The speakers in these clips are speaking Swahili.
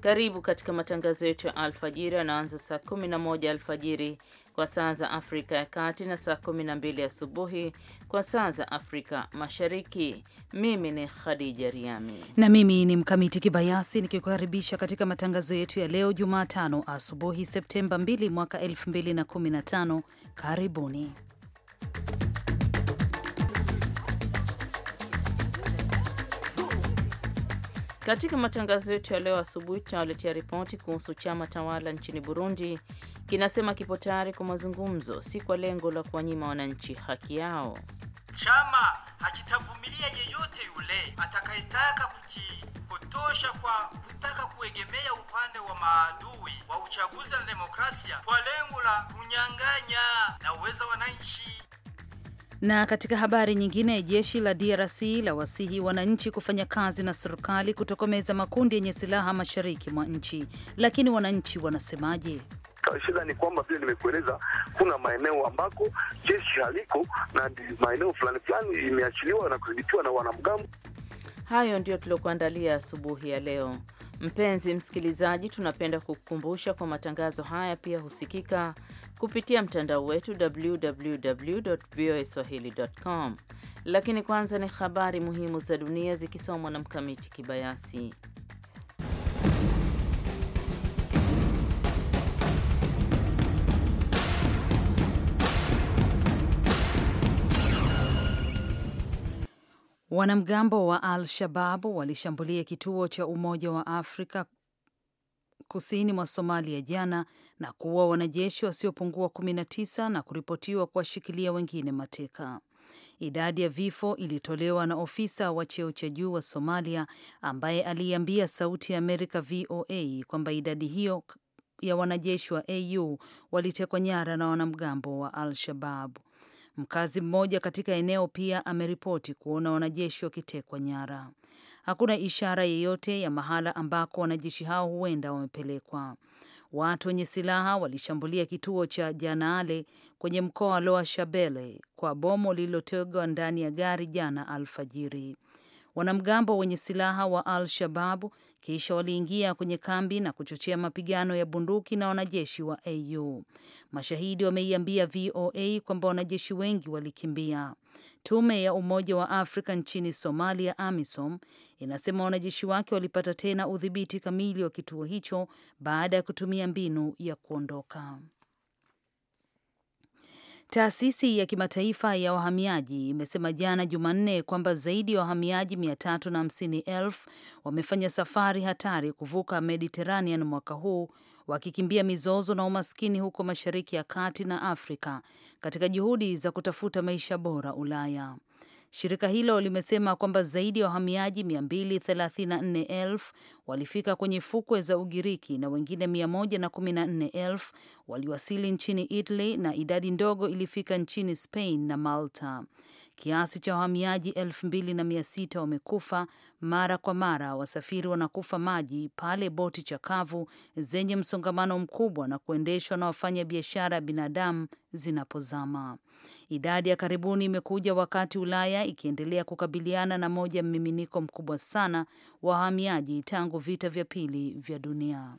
Karibu katika matangazo yetu ya alfajiri yanaanza saa 11 alfajiri kwa saa za Afrika ya Kati na saa 12 asubuhi kwa saa za Afrika Mashariki. Mimi ni Khadija Riami na mimi ni Mkamiti Kibayasi nikikukaribisha katika matangazo yetu ya leo Jumatano asubuhi Septemba 2 mwaka 2015. Karibuni. Katika matangazo yetu ya leo asubuhi, tunawaletea ripoti kuhusu chama tawala nchini Burundi kinasema kipo tayari kwa mazungumzo, si kwa lengo la kuwanyima wananchi haki yao. Chama hakitavumilia yeyote yule atakayetaka kujipotosha kwa kutaka kuegemea upande wa maadui wa uchaguzi na demokrasia kwa lengo la kunyang'anya na uweza wananchi. Na katika habari nyingine, jeshi la DRC la wasihi wananchi kufanya kazi na serikali kutokomeza makundi yenye silaha mashariki mwa nchi. Lakini wananchi wanasemaje? Shida ni kwamba vile nimekueleza, kuna maeneo ambako jeshi haliko na maeneo fulani fulani imeachiliwa na kudhibitiwa na wanamgambo. Hayo ndiyo tuliokuandalia asubuhi ya leo. Mpenzi msikilizaji, tunapenda kukukumbusha kwa matangazo haya pia husikika kupitia mtandao wetu www.voaswahili.com. Lakini kwanza ni habari muhimu za dunia zikisomwa na Mkamiti Kibayasi. Wanamgambo wa Al Shabab walishambulia kituo cha Umoja wa Afrika kusini mwa Somalia jana na kuwa wanajeshi wasiopungua 19 na kuripotiwa kuwashikilia wengine mateka. Idadi ya vifo ilitolewa na ofisa wa cheo cha juu wa Somalia ambaye aliambia Sauti ya Amerika VOA kwamba idadi hiyo ya wanajeshi wa AU walitekwa nyara na wanamgambo wa Al-Shabab. Mkazi mmoja katika eneo pia ameripoti kuona wanajeshi wakitekwa nyara. Hakuna ishara yeyote ya mahala ambako wanajeshi hao huenda wamepelekwa. Watu wenye silaha walishambulia kituo cha Janaale kwenye mkoa wa Loa Shabele kwa bomo lililotegwa ndani ya gari jana alfajiri wanamgambo wenye silaha wa Al Shababu, kisha waliingia kwenye kambi na kuchochea mapigano ya bunduki na wanajeshi wa AU. Mashahidi wameiambia VOA kwamba wanajeshi wengi walikimbia. Tume ya Umoja wa Afrika nchini Somalia, AMISOM, inasema wanajeshi wake walipata tena udhibiti kamili wa kituo hicho baada ya kutumia mbinu ya kuondoka. Taasisi ya kimataifa ya wahamiaji imesema jana Jumanne kwamba zaidi ya wahamiaji 350,000 wamefanya safari hatari kuvuka Mediterranean mwaka huu wakikimbia mizozo na umaskini huko Mashariki ya Kati na Afrika katika juhudi za kutafuta maisha bora Ulaya. Shirika hilo limesema kwamba zaidi ya wa wahamiaji 234,000 walifika kwenye fukwe za Ugiriki na wengine 114,000 waliwasili nchini Italy na idadi ndogo ilifika nchini Spain na Malta. Kiasi cha wahamiaji 2600 wamekufa mara kwa mara. Wasafiri wanakufa maji pale boti chakavu zenye msongamano mkubwa na kuendeshwa na wafanya biashara ya binadamu zinapozama. Idadi ya karibuni imekuja wakati Ulaya ikiendelea kukabiliana na moja mmiminiko mkubwa sana wa wahamiaji tangu vita vya pili vya dunia.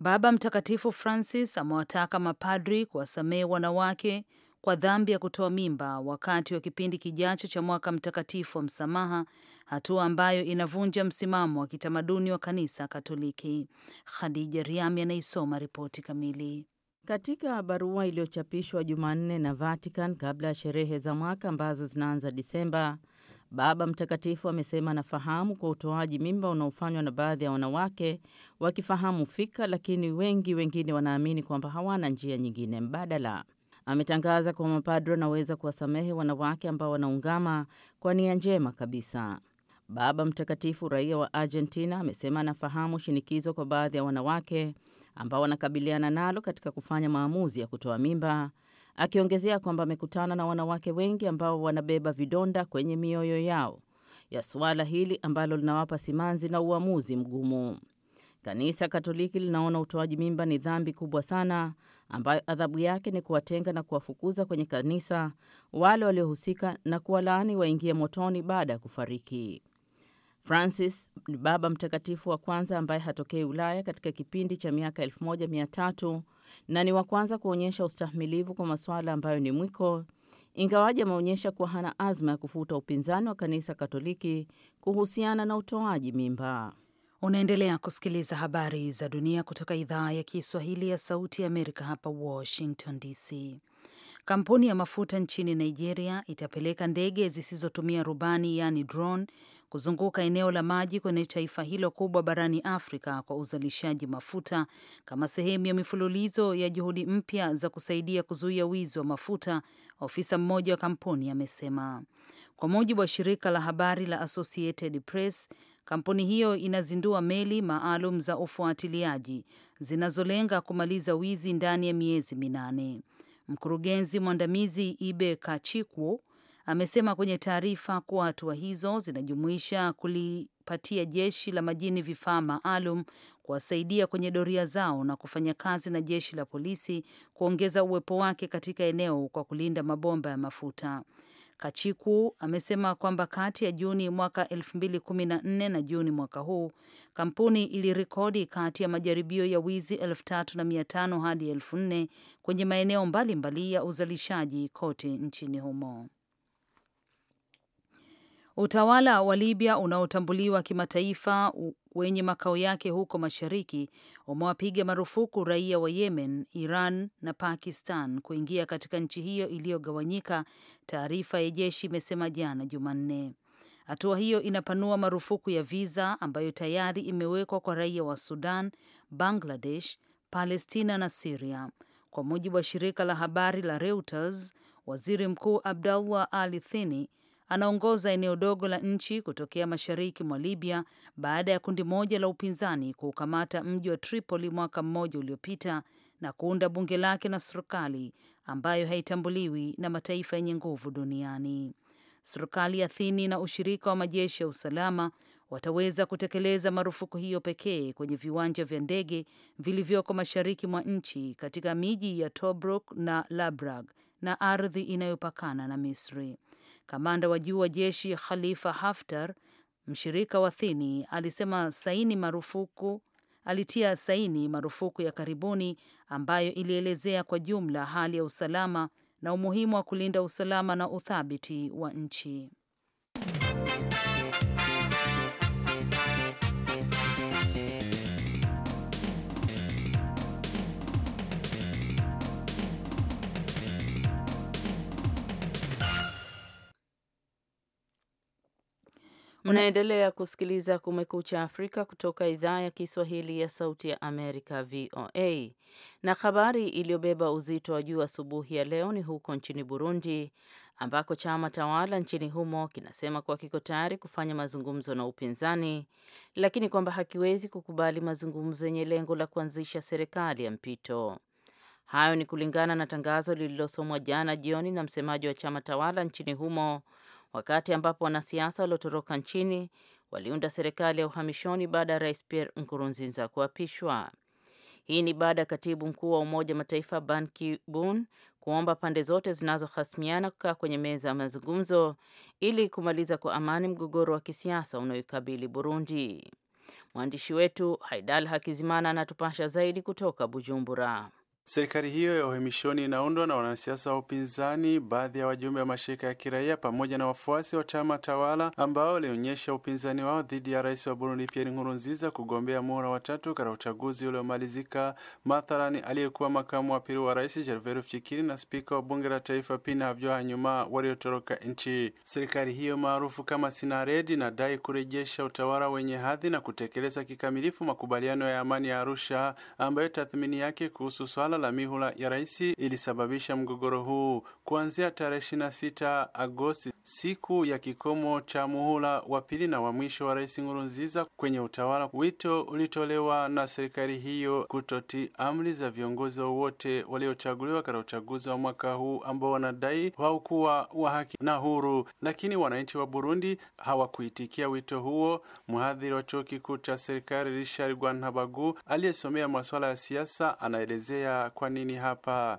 Baba Mtakatifu Francis amewataka mapadri kuwasamehe wanawake kwa dhambi ya kutoa mimba wakati wa kipindi kijacho cha mwaka mtakatifu wa msamaha, hatua ambayo inavunja msimamo wa kitamaduni wa kanisa Katoliki. Khadija Riami anaisoma ripoti kamili. Katika barua iliyochapishwa Jumanne na Vatican kabla ya sherehe za mwaka ambazo zinaanza Disemba, Baba Mtakatifu amesema anafahamu kwa utoaji mimba unaofanywa na baadhi ya wanawake wakifahamu fika, lakini wengi wengine wanaamini kwamba hawana njia nyingine mbadala ametangaza kuwa mapadri anaweza kuwasamehe wanawake ambao wanaungama kwa nia njema kabisa. Baba Mtakatifu, raia wa Argentina, amesema anafahamu shinikizo kwa baadhi ya wanawake ambao wanakabiliana nalo katika kufanya maamuzi ya kutoa mimba, akiongezea kwamba amekutana na wanawake wengi ambao wanabeba vidonda kwenye mioyo yao ya suala hili ambalo linawapa simanzi na uamuzi mgumu. Kanisa Katoliki linaona utoaji mimba ni dhambi kubwa sana ambayo adhabu yake ni kuwatenga na kuwafukuza kwenye kanisa wale waliohusika na kuwalaani waingie motoni baada ya kufariki. Francis ni Baba Mtakatifu wa kwanza ambaye hatokei Ulaya katika kipindi cha miaka 1300 na ni wa kwanza kuonyesha ustahimilivu kwa masuala ambayo ni mwiko, ingawaji ameonyesha kuwa hana azma ya kufuta upinzani wa Kanisa Katoliki kuhusiana na utoaji mimba. Unaendelea kusikiliza habari za dunia kutoka idhaa ya Kiswahili ya Sauti ya Amerika, hapa Washington DC. Kampuni ya mafuta nchini Nigeria itapeleka ndege zisizotumia rubani, yaani drone, kuzunguka eneo la maji kwenye taifa hilo kubwa barani Afrika kwa uzalishaji mafuta kama sehemu ya mifululizo ya juhudi mpya za kusaidia kuzuia wizi wa mafuta, ofisa mmoja wa kampuni amesema, kwa mujibu wa shirika la habari la Associated Press. Kampuni hiyo inazindua meli maalum za ufuatiliaji zinazolenga kumaliza wizi ndani ya miezi minane. Mkurugenzi mwandamizi Ibe Kachikwo amesema kwenye taarifa kuwa hatua hizo zinajumuisha kulipatia jeshi la majini vifaa maalum kuwasaidia kwenye doria zao na kufanya kazi na jeshi la polisi kuongeza uwepo wake katika eneo kwa kulinda mabomba ya mafuta. Kachiku amesema kwamba kati ya Juni mwaka 2014 na Juni mwaka huu kampuni ilirekodi kati ya majaribio ya wizi 3500 hadi 4000 kwenye maeneo mbalimbali ya uzalishaji kote nchini humo. Utawala wa Libya unaotambuliwa kimataifa wenye makao yake huko mashariki umewapiga marufuku raia wa Yemen, Iran na Pakistan kuingia katika nchi hiyo iliyogawanyika, taarifa ya jeshi imesema jana Jumanne. Hatua hiyo inapanua marufuku ya viza ambayo tayari imewekwa kwa raia wa Sudan, Bangladesh, Palestina na Siria, kwa mujibu wa shirika la habari la Reuters. Waziri Mkuu Abdullah Ali Thini anaongoza eneo dogo la nchi kutokea mashariki mwa Libya baada ya kundi moja la upinzani kuukamata mji wa Tripoli mwaka mmoja uliopita na kuunda bunge lake na serikali ambayo haitambuliwi na mataifa yenye nguvu duniani. Serikali ya Athini na ushirika wa majeshi ya usalama wataweza kutekeleza marufuku hiyo pekee kwenye viwanja vya ndege vilivyoko mashariki mwa nchi katika miji ya Tobruk na Labrag na ardhi inayopakana na Misri. Kamanda wa juu wa jeshi Khalifa Haftar, mshirika wa Thini, alisema saini marufuku alitia saini marufuku ya karibuni ambayo ilielezea kwa jumla hali ya usalama na umuhimu wa kulinda usalama na uthabiti wa nchi. Unaendelea kusikiliza Kumekucha Afrika kutoka idhaa ya Kiswahili ya Sauti ya Amerika, VOA. Na habari iliyobeba uzito wa juu asubuhi ya leo ni huko nchini Burundi, ambako chama tawala nchini humo kinasema kuwa kiko tayari kufanya mazungumzo na upinzani, lakini kwamba hakiwezi kukubali mazungumzo yenye lengo la kuanzisha serikali ya mpito. Hayo ni kulingana na tangazo lililosomwa jana jioni na msemaji wa chama tawala nchini humo wakati ambapo wanasiasa waliotoroka nchini waliunda serikali ya uhamishoni baada ya Rais Pierre Nkurunziza kuapishwa. Hii ni baada ya katibu mkuu wa Umoja Mataifa Ban Ki-moon kuomba pande zote zinazohasimiana kukaa kwenye meza ya mazungumzo ili kumaliza kwa amani mgogoro wa kisiasa unaoikabili Burundi. Mwandishi wetu Haidal Hakizimana anatupasha zaidi kutoka Bujumbura. Serikali hiyo ya uhamishoni inaundwa na wanasiasa wa upinzani, baadhi ya wajumbe wa mashirika ya kiraia pamoja na wafuasi wa chama tawala ambao walionyesha upinzani wao dhidi ya rais wa Burundi Pierre Nkurunziza kugombea muhula wa tatu katika uchaguzi uliomalizika, mathalani aliyekuwa makamu wa pili wa rais Gervais Rufyikiri na spika wa bunge la taifa Pina Habyarimana waliotoroka nchi. Serikali hiyo maarufu kama Sinared inadai kurejesha utawala wenye hadhi na kutekeleza kikamilifu makubaliano ya amani ya Arusha ambayo tathmini yake kuhusu swala suala la mihula ya rais ilisababisha mgogoro huu. Kuanzia tarehe 26 Agosti, siku ya kikomo cha muhula wa pili na wa mwisho wa rais Nkurunziza kwenye utawala, wito ulitolewa na serikali hiyo kutotii amri za viongozi wowote waliochaguliwa katika uchaguzi wa mwaka huu ambao wanadai haukuwa wa haki na huru, lakini wananchi wa Burundi hawakuitikia wito huo. Mhadhiri wa chuo kikuu cha serikali Richard Rwantabagu aliyesomea masuala ya siasa anaelezea kwa nini hapa?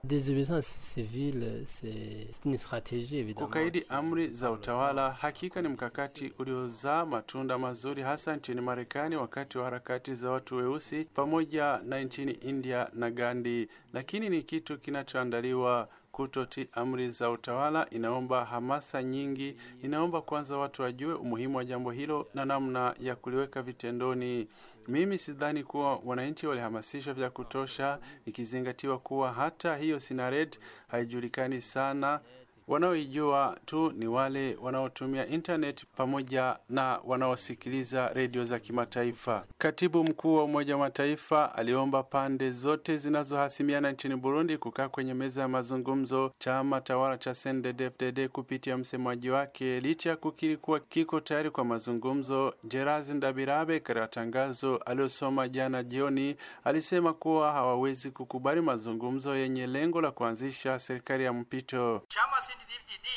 Kukaidi amri za utawala hakika ni mkakati uliozaa matunda mazuri, hasa nchini Marekani wakati wa harakati za watu weusi, pamoja na nchini India na Gandhi, lakini ni kitu kinachoandaliwa kutotii amri za utawala, inaomba hamasa nyingi, inaomba kwanza watu wajue umuhimu wa jambo hilo na namna ya kuliweka vitendoni. Mimi sidhani kuwa wananchi walihamasishwa vya kutosha, ikizingatiwa kuwa hata hiyo Sinared haijulikani sana. Wanaoijua tu ni wale wanaotumia intaneti pamoja na wanaosikiliza redio za kimataifa. Katibu mkuu wa Umoja wa Mataifa aliomba pande zote zinazohasimiana nchini Burundi kukaa kwenye meza ya mazungumzo, chama tawala cha CNDD-FDD kupitia msemaji wake, licha ya kukiri kuwa kiko tayari kwa mazungumzo. Jerazi Ndabirabe katika tangazo aliyosoma jana jioni alisema kuwa hawawezi kukubali mazungumzo yenye lengo la kuanzisha serikali ya mpito chama CCDD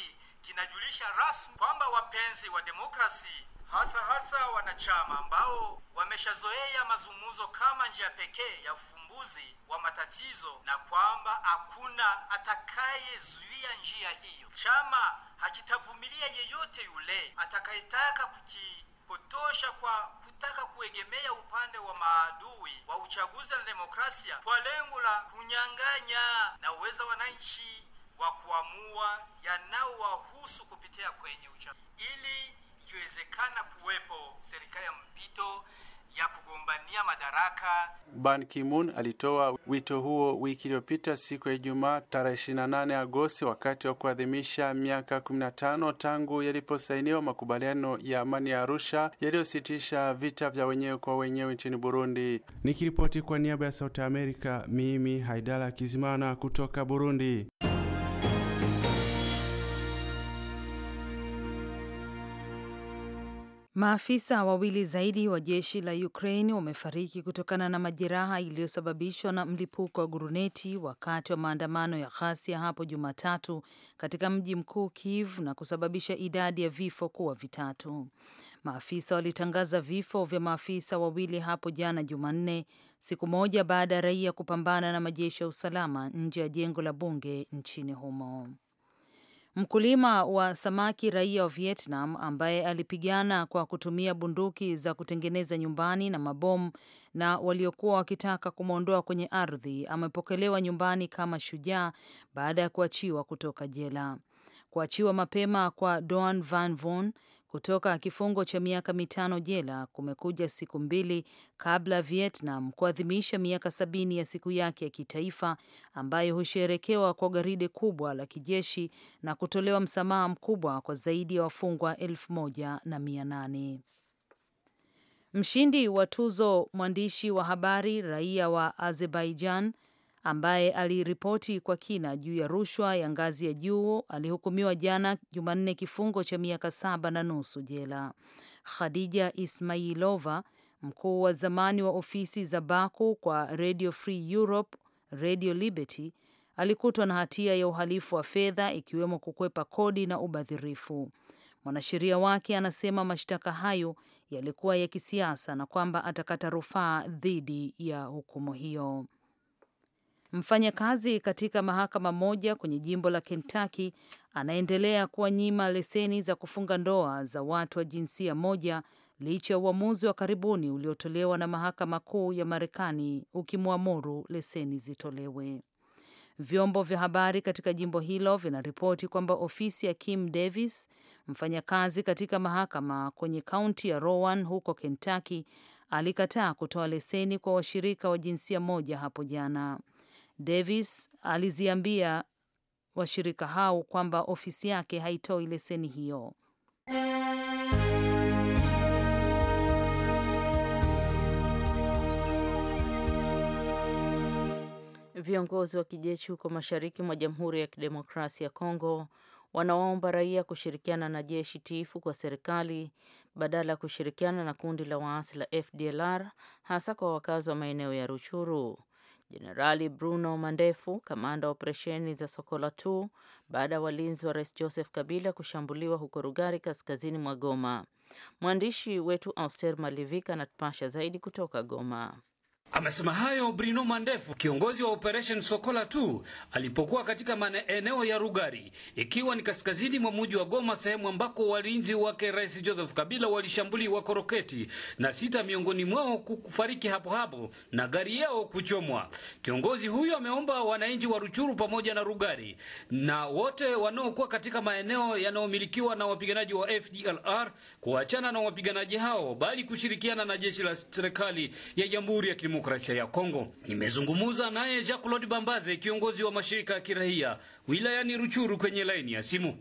kinajulisha rasmi kwamba wapenzi wa demokrasi, hasa hasa wanachama ambao wameshazoea mazungumzo kama njia pekee ya ufumbuzi wa matatizo, na kwamba hakuna atakayezuia njia hiyo. Chama hakitavumilia yeyote yule atakayetaka kujipotosha kwa kutaka kuegemea upande wa maadui wa uchaguzi na demokrasia kwa lengo la kunyang'anya na uwezo wananchi wa kuamua yanaowahusu kupitia kwenye uchaguzi, ili ikiwezekana kuwepo serikali ya mpito ya kugombania madaraka. Ban Ki-moon alitoa wito huo wiki iliyopita siku ya Ijumaa tarehe 28 Agosti wakati wa kuadhimisha miaka 15 tangu yaliposainiwa makubaliano ya amani ya Arusha yaliyositisha vita vya wenyewe kwa wenyewe nchini Burundi. Nikiripoti kwa niaba ya Sauti ya Amerika, mimi Haidala Kizimana kutoka Burundi. Maafisa wawili zaidi wa jeshi la Ukraine wamefariki kutokana na majeraha iliyosababishwa na mlipuko wa guruneti wakati wa maandamano ya ghasia hapo Jumatatu katika mji mkuu Kiev na kusababisha idadi ya vifo kuwa vitatu. Maafisa walitangaza vifo vya maafisa wawili hapo jana Jumanne, siku moja baada ya raia kupambana na majeshi ya usalama nje ya jengo la bunge nchini humo. Mkulima wa samaki raia wa Vietnam ambaye alipigana kwa kutumia bunduki za kutengeneza nyumbani na mabomu na waliokuwa wakitaka kumwondoa kwenye ardhi amepokelewa nyumbani kama shujaa baada ya kuachiwa kutoka jela. Kuachiwa mapema kwa Doan Van Von kutoka kifungo cha miaka mitano jela kumekuja siku mbili kabla Vietnam kuadhimisha miaka sabini ya siku yake ya kitaifa ambayo husherekewa kwa garide kubwa la kijeshi na kutolewa msamaha mkubwa kwa zaidi ya wafungwa elfu moja na mia nane. Mshindi wa tuzo mwandishi wa habari raia wa Azerbaijan ambaye aliripoti kwa kina juu ya rushwa ya ngazi ya juu alihukumiwa jana Jumanne kifungo cha miaka saba na nusu jela. Khadija Ismailova, mkuu wa zamani wa ofisi za Baku kwa Radio Free Europe, Radio Liberty, alikutwa na hatia ya uhalifu wa fedha ikiwemo kukwepa kodi na ubadhirifu. Mwanasheria wake anasema mashtaka hayo yalikuwa ya kisiasa na kwamba atakata rufaa dhidi ya hukumu hiyo. Mfanyakazi katika mahakama moja kwenye jimbo la Kentucky anaendelea kuwanyima leseni za kufunga ndoa za watu wa jinsia moja licha ya uamuzi wa karibuni uliotolewa na mahakama kuu ya Marekani ukimwamuru leseni zitolewe. Vyombo vya habari katika jimbo hilo vinaripoti kwamba ofisi ya Kim Davis, mfanyakazi katika mahakama kwenye kaunti ya Rowan huko Kentucky, alikataa kutoa leseni kwa washirika wa jinsia moja hapo jana. Davis aliziambia washirika hao kwamba ofisi yake haitoi leseni hiyo. Viongozi wa kijeshi huko mashariki mwa Jamhuri ya Kidemokrasia ya Kongo wanaomba raia kushirikiana na jeshi tiifu kwa serikali badala ya kushirikiana na kundi la waasi la FDLR hasa kwa wakazi wa maeneo ya Ruchuru. Jenerali Bruno Mandefu, kamanda wa operesheni za Sokola tu baada ya walinzi wa rais Joseph Kabila kushambuliwa huko Rugari, kaskazini mwa Goma. Mwandishi wetu Auster Malivika anatupasha zaidi kutoka Goma. Amesema hayo Bruno Mandefu, kiongozi wa Operation Sokola 2 alipokuwa katika maeneo ya Rugari, ikiwa ni kaskazini mwa mji wa Goma, sehemu ambako walinzi wake Rais Joseph Kabila walishambuliwa kwa roketi na sita miongoni mwao kufariki hapo hapo na gari yao kuchomwa. Kiongozi huyo ameomba wananchi wa Ruchuru pamoja na Rugari na wote wanaokuwa katika maeneo yanayomilikiwa na wapiganaji wa FDLR kuachana na wapiganaji hao, bali kushirikiana na jeshi la serikali ya Jamhuri ya Kimo Kidemokrasia ya Kongo. Nimezungumza naye Jacques Claude Bambaze, kiongozi wa mashirika ya kiraia wilayani Ruchuru, kwenye laini ya simu.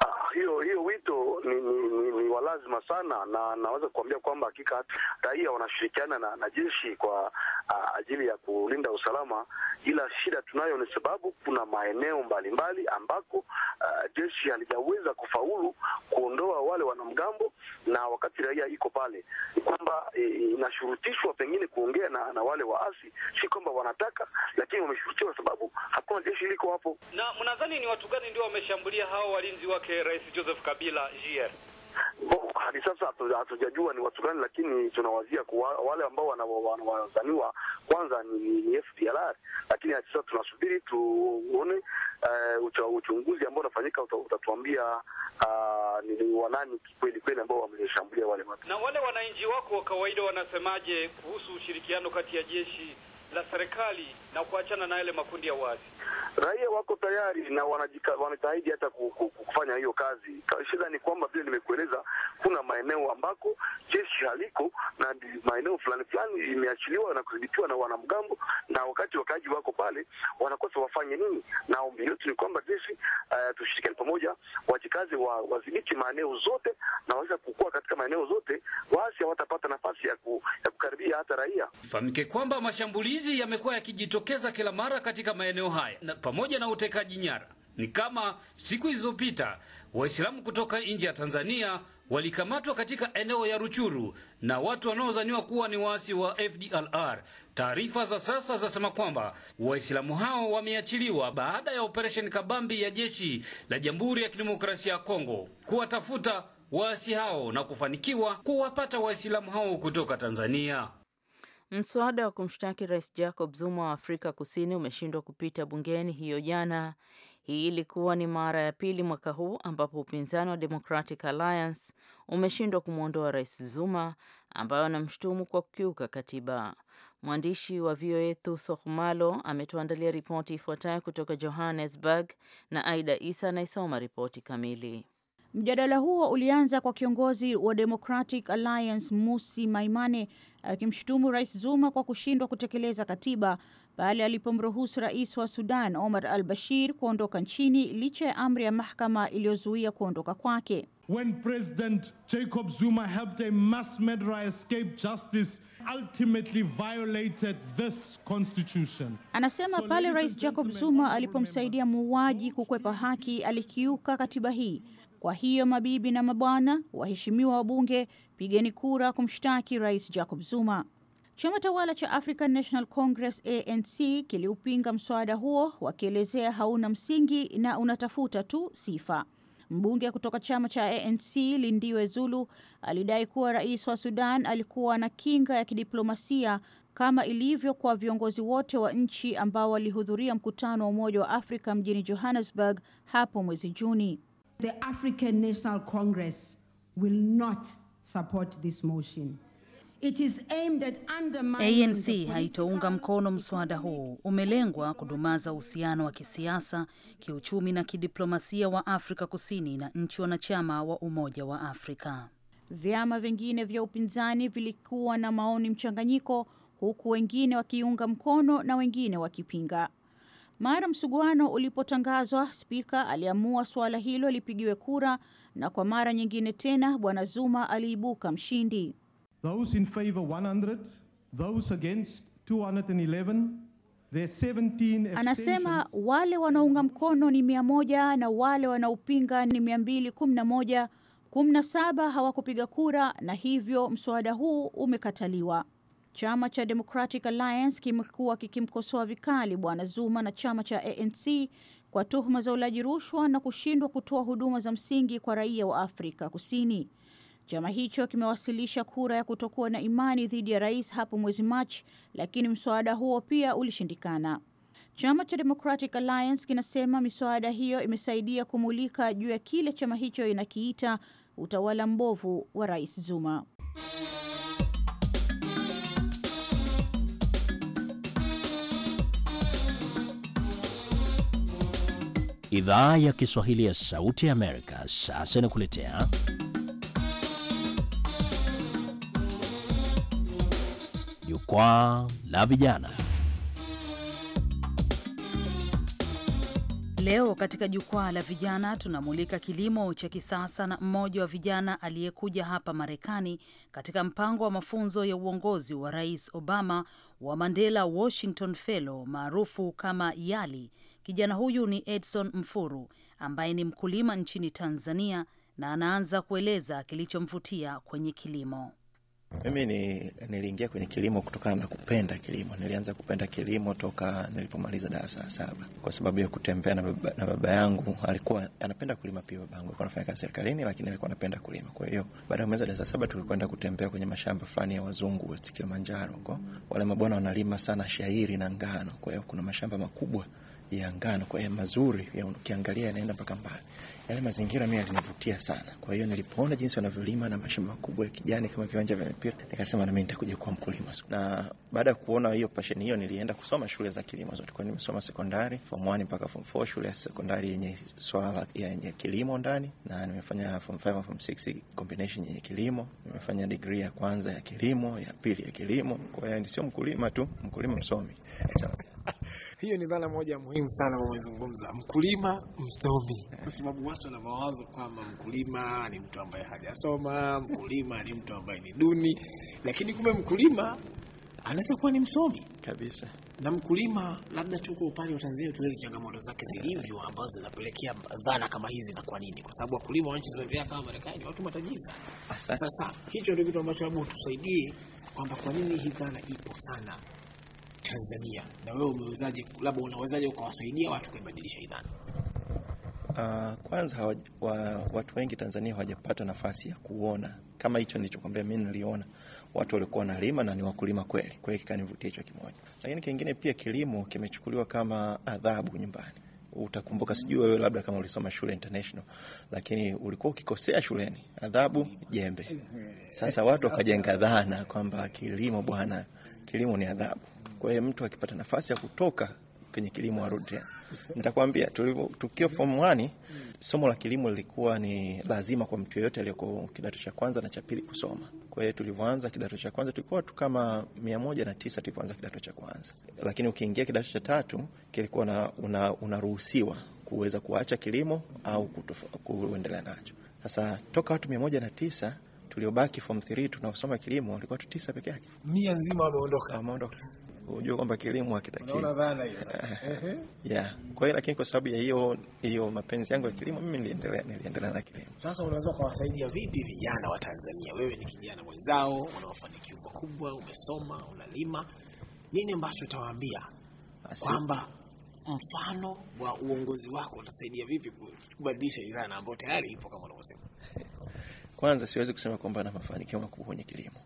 Ah, hiyo hiyo wito ni, ni wa lazima sana, na naweza kuambia kwamba hakika raia wanashirikiana na, na jeshi kwa a, ajili ya kulinda usalama, ila shida tunayo ni sababu kuna maeneo mbalimbali ambako a, jeshi halijaweza kufaulu kuondoa wale wanamgambo, na wakati raia iko pale ni kwamba e, inashurutishwa pengine kuongea na, na wale waasi, si kwamba wanataka, lakini wameshurutishwa sababu hakuna jeshi liko hapo. Na mnadhani ni watu gani ndio wameshambulia hao walinzi wake Rais Joseph Kabila? hadi sasa hatujajua ni watu gani, lakini tunawazia kuwa wale ambao wanawazaniwa kwanza ni, ni FDLR, lakini hadi sasa tunasubiri tuone uh, uchunguzi ambao unafanyika utatuambia uh, ni wanani kweli kweli ambao wameshambulia wale watu. Na wale wananchi wako wa kawaida wanasemaje kuhusu ushirikiano kati ya jeshi la serikali na kuachana na yale makundi ya waasi. Raia wako tayari na wanajitahidi hata kufanya hiyo kazi. Shida ni kwamba vile nimekueleza, kuna maeneo ambako jeshi haliko na maeneo fulani fulani imeachiliwa na kudhibitiwa na wanamgambo, na wakati wakaaji wako pale wanakosa wafanye nini? Na ombi letu ni kwamba jeshi uh, tushirikiane pamoja, wajikazi wa, wadhibiti maeneo zote na waweza kukua katika maeneo zote, waasi hawatapata nafasi ya, ku, hata raia. Ifahamike kwamba mashambulizi yamekuwa yakijitokeza kila mara katika maeneo haya na pamoja na utekaji nyara. Ni kama siku zilizopita Waislamu kutoka nje ya Tanzania walikamatwa katika eneo ya Ruchuru na watu wanaozaniwa kuwa ni waasi wa FDLR. Taarifa za sasa zasema kwamba Waislamu hao wameachiliwa baada ya operesheni kabambi ya jeshi la Jamhuri ya Kidemokrasia ya Kongo kuwatafuta waasi hao na kufanikiwa kuwapata Waislamu hao kutoka Tanzania. Mswada wa kumshtaki Rais Jacob Zuma wa Afrika Kusini umeshindwa kupita bungeni hiyo jana. Hii ilikuwa ni mara ya pili mwaka huu ambapo upinzani wa Democratic Alliance umeshindwa kumwondoa Rais Zuma ambayo anamshutumu kwa kukiuka katiba. Mwandishi wa VOA Thuso Khumalo ametuandalia ripoti ifuatayo kutoka Johannesburg na Aida Isa anaisoma ripoti kamili. Mjadala huo ulianza kwa kiongozi wa Democratic Alliance Musi Maimane akimshutumu Rais Zuma kwa kushindwa kutekeleza katiba pale alipomruhusu rais wa Sudan Omar al Bashir kuondoka nchini licha ya amri ya mahakama iliyozuia kuondoka kwake. When President Jacob Zuma helped a mass murderer escape justice ultimately violated this constitution. Anasema pale Rais Jacob Zuma alipomsaidia muuaji kukwepa haki alikiuka katiba hii. Kwa hiyo mabibi na mabwana, waheshimiwa wabunge, pigeni kura kumshtaki Rais Jacob Zuma. Chama tawala cha African National Congress ANC kiliupinga mswada huo wakielezea hauna msingi na unatafuta tu sifa. Mbunge kutoka chama cha ANC Lindiwe Zulu alidai kuwa rais wa Sudan alikuwa na kinga ya kidiplomasia kama ilivyo kwa viongozi wote wa nchi ambao walihudhuria mkutano wa Umoja wa Afrika mjini Johannesburg hapo mwezi Juni. The African National Congress will not support this motion. It is aimed at undermining ANC haitounga mkono mswada huu. Umelengwa kudumaza uhusiano wa kisiasa, kiuchumi na kidiplomasia wa Afrika Kusini na nchi wanachama wa Umoja wa Afrika. Vyama vingine vya upinzani vilikuwa na maoni mchanganyiko, huku wengine wakiunga mkono na wengine wakipinga. Mara msuguano ulipotangazwa, spika aliamua suala hilo lipigiwe kura, na kwa mara nyingine tena bwana Zuma aliibuka mshindi. Those in favor 100, those against 211, anasema wale wanaunga mkono ni mia moja na wale wanaopinga ni mia mbili kumi na moja. Kumi na saba hawakupiga kura na hivyo mswada huu umekataliwa. Chama cha Democratic Alliance kimekuwa kikimkosoa vikali Bwana Zuma na chama cha ANC kwa tuhuma za ulaji rushwa na kushindwa kutoa huduma za msingi kwa raia wa Afrika Kusini. Chama hicho kimewasilisha kura ya kutokuwa na imani dhidi ya rais hapo mwezi Machi, lakini mswada huo pia ulishindikana. Chama cha Democratic Alliance kinasema miswada hiyo imesaidia kumulika juu ya kile chama hicho inakiita utawala mbovu wa Rais Zuma. Idhaa ya Kiswahili ya Sauti ya Amerika sasa inakuletea Jukwaa la Vijana. Leo katika jukwaa la vijana tunamulika kilimo cha kisasa na mmoja wa vijana aliyekuja hapa Marekani katika mpango wa mafunzo ya uongozi wa Rais Obama wa Mandela Washington Fellow maarufu kama YALI Kijana huyu ni Edson Mfuru ambaye ni mkulima nchini Tanzania na anaanza kueleza kilichomvutia kwenye kilimo. Mimi ni, niliingia kwenye kilimo kutokana na kupenda kilimo. Nilianza kupenda kilimo toka nilipomaliza darasa la saba kwa sababu ya kutembea na baba, na baba yangu alikuwa anapenda kulima pia. Baba yangu alikuwa anafanya kazi serikalini, lakini alikuwa anapenda kulima. Kwa hiyo baada ya kumaliza darasa saba tulikwenda kutembea kwenye mashamba fulani ya wazungu West Kilimanjaro huko, wale mabwana wanalima sana shayiri na ngano. Kwa hiyo kuna mashamba makubwa ya ngano kwa ya mazuri ya ukiangalia yanaenda mpaka mbali. Yale mazingira mimi yalinivutia sana. Kwa hiyo nilipoona jinsi wanavyolima na mashamba makubwa ya kijani kama viwanja vya mipira, nikasema na mimi nitakuja kuwa mkulima. Na baada ya kuona hiyo passion hiyo, nilienda kusoma shule za kilimo zote. Kwa nimesoma sekondari form 1 mpaka form 4, shule ya sekondari yenye swala la yenye kilimo ndani, na nimefanya form 5 na form 6 combination yenye kilimo. Nimefanya degree ya kwanza ya kilimo, ya pili ya kilimo. Kwa hiyo sio mkulima tu, mkulima msomi. hiyo ni dhana moja muhimu sana umezungumza, mkulima msomi, kwa sababu watu wana mawazo kwamba mkulima ni mtu ambaye hajasoma, mkulima ni mtu ambaye ni duni, lakini kumbe mkulima anaweza kuwa ni msomi kabisa na mkulima labda tu kwa upande wa Tanzania tueleze changamoto zake zilivyo ambazo zinapelekea dhana kama hizi na kwa nini, kwa sababu wakulima wa nchi zinaendelea kama Marekani watu matajiri sana. Sasa hicho ndio kitu ambacho labda tusaidie kwamba kwa nini hii dhana ipo sana Tanzania, na wewe umewezaje, labda unawezaje ukawasaidia watu kuibadilisha hii Uh, ah, kwanza wa, wa, watu wengi Tanzania hawajapata nafasi ya kuona kama hicho nilichokwambia mimi niliona watu walikuwa wanalima na ni wakulima kweli. Kwa hiyo kikanivutia hicho kimoja, lakini kingine pia kilimo kimechukuliwa kama adhabu nyumbani. Utakumbuka, sijui wewe labda kama ulisoma shule international, lakini ulikuwa ukikosea shuleni adhabu jembe. Sasa watu wakajenga dhana kwamba kilimo bwana, kilimo ni adhabu. Kwa hiyo mtu akipata nafasi ya kutoka kwenye kilimo arudi Nitakwambia tulivyo tukio form 1 somo la kilimo lilikuwa ni lazima kwa mtu yeyote aliyeko kidato cha kwanza na cha pili kusoma. Kwa hiyo tulivyoanza kidato cha kwanza tulikuwa tu kama mia moja na tisa tulipoanza kidato cha kwanza, lakini ukiingia kidato cha tatu kilikuwa na una, unaruhusiwa kuweza kuacha kilimo au kuendelea nacho. Sasa toka watu mia moja na tisa tuliobaki form 3 tunaosoma kilimo walikuwa tu tisa peke yake, mia nzima wameondoka, wameondoka unajua kwamba kilimo hakitakiwi. Yeah. Kwa hiyo lakini kwa sababu ya hiyo hiyo mapenzi yangu ya kilimo mimi niliendelea niliendelea na kilimo. Sasa unaweza kuwasaidia vipi vijana wa Tanzania? Wewe ni kijana mwenzao, una mafanikio makubwa, umesoma, unalima. Nini ambacho utawaambia kwamba mfano wa uongozi wako utasaidia vipi kubadilisha dhana ambayo tayari ipo kama unavyosema? Kwanza siwezi kusema kwamba na mafanikio makubwa kwenye kilimo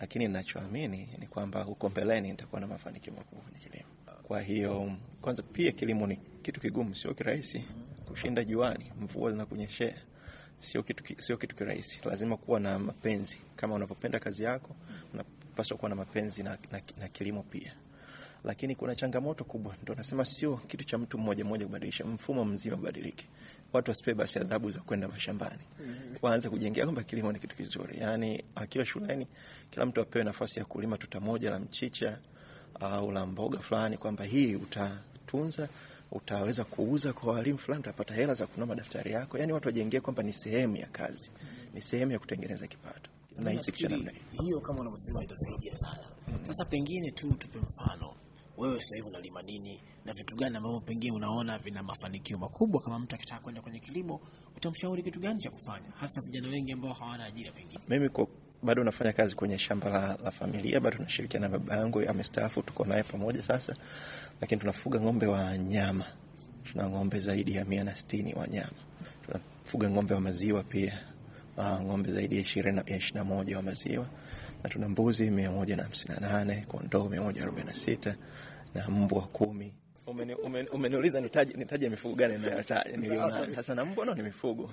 lakini ninachoamini ni kwamba huko mbeleni nitakuwa na mafanikio makubwa kwenye kilimo. Kwa hiyo kwanza, pia kilimo ni kitu kigumu, sio kirahisi. Kushinda juani, mvua zinakunyeshea, sio kitu, sio kitu kirahisi. Lazima kuwa na mapenzi. Kama unavyopenda kazi yako, unapaswa kuwa na mapenzi na, na, na kilimo pia lakini kuna changamoto kubwa, ndo nasema sio kitu cha mtu mmoja mmoja kubadilisha. Mfumo mzima ubadilike, watu wasipewe basi adhabu za kwenda mashambani, mm-hmm. waanze kujengea kwamba kilimo ni kitu kizuri. Yani akiwa shuleni, kila mtu apewe nafasi ya kulima tuta moja la mchicha au la mboga fulani, kwamba hii utatunza utaweza kuuza kwa walimu fulani, utapata hela za kunua madaftari yako. Yani watu wajengee kwamba ni sehemu ya kazi, mm-hmm. ni sehemu ya kutengeneza kipato. Nahisi hiyo kama unavyosema itasaidia sana. Mm-hmm. Sasa pengine tu tupe mfano wewe sasa hivi unalima nini na vitu gani ambavyo pengine unaona vina mafanikio makubwa. Kama mtu akitaka kwenda kwenye kilimo, utamshauri kitu gani cha kufanya, hasa vijana wengi ambao hawana ajira? Pengine mimi kwa bado nafanya kazi kwenye shamba la, la familia, bado tunashirikiana na baba yangu, amestaafu, tuko naye pamoja sasa, lakini tunafuga ng'ombe wa nyama. Tuna ng'ombe zaidi ya mia na sitini wa nyama, tunafuga ng'ombe wa maziwa pia Uh, ng'ombe zaidi ya ishirini na moja wa maziwa na tuna mbuzi mia moja na hamsini na nane kondoo mia moja arobaini na sita na mbwa kumi. Umeniuliza umen, umen nitaje nitaje mifugo gani nilionayo sasa, na mbwa no ni mifugo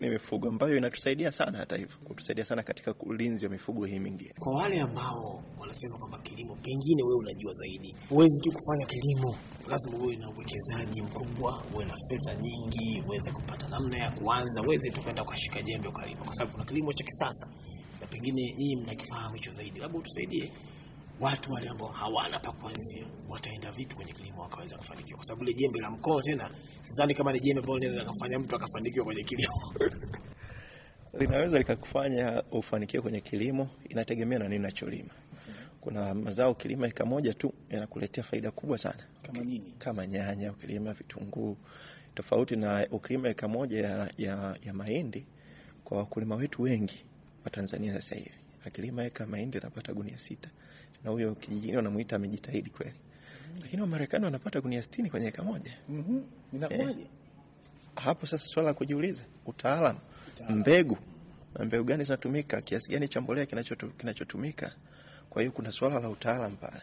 ni mifugo ambayo inatusaidia sana, hata hivyo kutusaidia sana katika ulinzi wa mifugo hii mingine. Kwa wale ambao wanasema kwamba kilimo, pengine wewe unajua zaidi, huwezi tu kufanya kilimo, lazima uwe na uwekezaji mkubwa, uwe na fedha nyingi, uweze kupata namna ya kuanza, uweze tu kwenda ukashika jembe ukalima, kwa sababu kuna kilimo cha kisasa na pengine hii mnakifahamu hicho zaidi, labda utusaidie watu wale ambao hawana pa kuanzia wataenda vipi kwenye kilimo wakaweza kufanikiwa? Kwa sababu ile jembe la mkono tena, sidhani kama ni jembe ambalo linaweza kufanya mtu akafanikiwa kwenye kilimo. Linaweza likakufanya ufanikiwe kwenye kilimo, inategemea na nini nacholima. Kuna mazao kilima eka moja tu yanakuletea faida kubwa sana, kama nini? Kama nyanya, ukilima vitunguu, tofauti na ukilima eka moja ya, ya, ya mahindi. Kwa wakulima wetu wengi wa Tanzania sasa hivi akilima eka mahindi anapata gunia sita na huyo kijijini wanamuita amejitahidi kweli, lakini Wamarekani wanapata gunia sitini kwenye eka moja. mm -hmm. Eh, Hapo sasa swala la kujiuliza utaalam, mbegu na mbegu gani zinatumika, kiasi gani cha mbolea kinachotumika. Kwa hiyo kuna swala la utaalam pale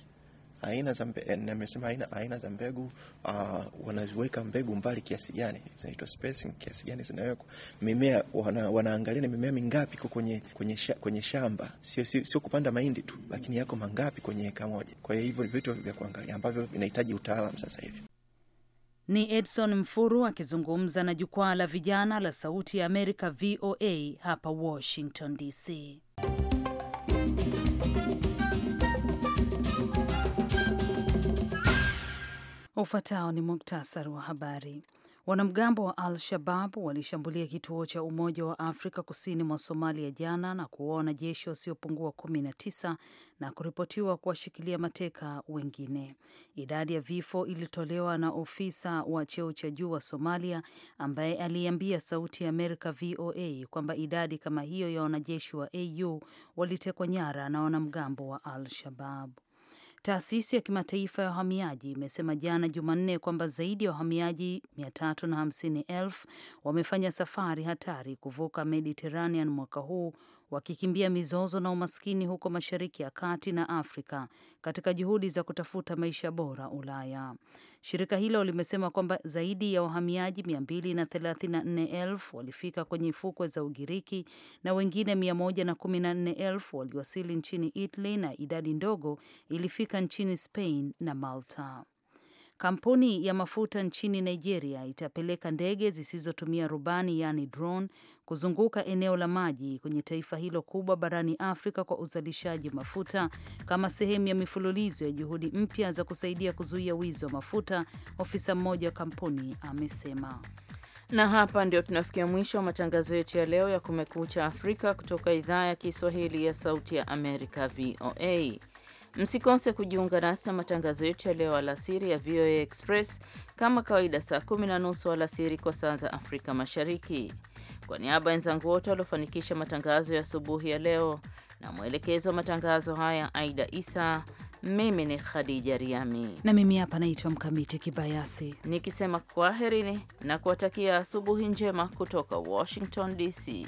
aina za eh, nimesema aina, aina za mbegu uh, wanaziweka mbegu mbali kiasi gani, zinaitwa spacing kiasi gani zinawekwa mimea, wana, wanaangalia ni mimea mingapi iko kwenye, kwenye, sha, kwenye shamba, sio, sio, sio kupanda mahindi tu, lakini yako mangapi kwenye eka moja. Kwa hiyo hivyo vitu vya kuangalia ambavyo vinahitaji utaalam sasa hivi. Ni Edson Mfuru akizungumza na jukwaa la vijana la Sauti ya Amerika VOA hapa Washington DC. Ufuatao ni muktasari wa habari. Wanamgambo wa Al-Shabab walishambulia kituo cha Umoja wa Afrika kusini mwa Somalia jana na kuua wanajeshi wasiopungua 19 na kuripotiwa kuwashikilia mateka wengine. Idadi ya vifo ilitolewa na ofisa wa cheo cha juu wa Somalia ambaye aliambia Sauti ya Amerika VOA kwamba idadi kama hiyo ya wanajeshi wa AU walitekwa nyara na wanamgambo wa Al-Shabab. Taasisi ya kimataifa ya wahamiaji imesema jana Jumanne kwamba zaidi ya wahamiaji 350,000 wamefanya safari hatari kuvuka Mediterranean mwaka huu wakikimbia mizozo na umaskini huko Mashariki ya Kati na Afrika katika juhudi za kutafuta maisha bora Ulaya. Shirika hilo limesema kwamba zaidi ya wahamiaji 234,000 walifika kwenye fukwe za Ugiriki na wengine 114,000 waliwasili nchini Italy na idadi ndogo ilifika nchini Spain na Malta. Kampuni ya mafuta nchini Nigeria itapeleka ndege zisizotumia rubani, yaani drone, kuzunguka eneo la maji kwenye taifa hilo kubwa barani Afrika kwa uzalishaji mafuta kama sehemu ya mifululizo ya juhudi mpya za kusaidia kuzuia wizi wa mafuta, ofisa mmoja wa kampuni amesema. Na hapa ndio tunafikia mwisho wa matangazo yetu ya leo ya Kumekucha Afrika kutoka idhaa ya Kiswahili ya Sauti ya Amerika, VOA. Msikose kujiunga nasi na matangazo yetu ya leo alasiri ya VOA Express kama kawaida, saa kumi na nusu alasiri kwa saa za Afrika Mashariki. Kwa niaba ya wenzangu wote waliofanikisha matangazo ya asubuhi ya leo na mwelekezo wa matangazo haya Aida Isa, mimi ni Khadija Riami na mimi hapa naitwa Mkamiti Kibayasi nikisema kwaherini na kuwatakia asubuhi njema kutoka Washington DC.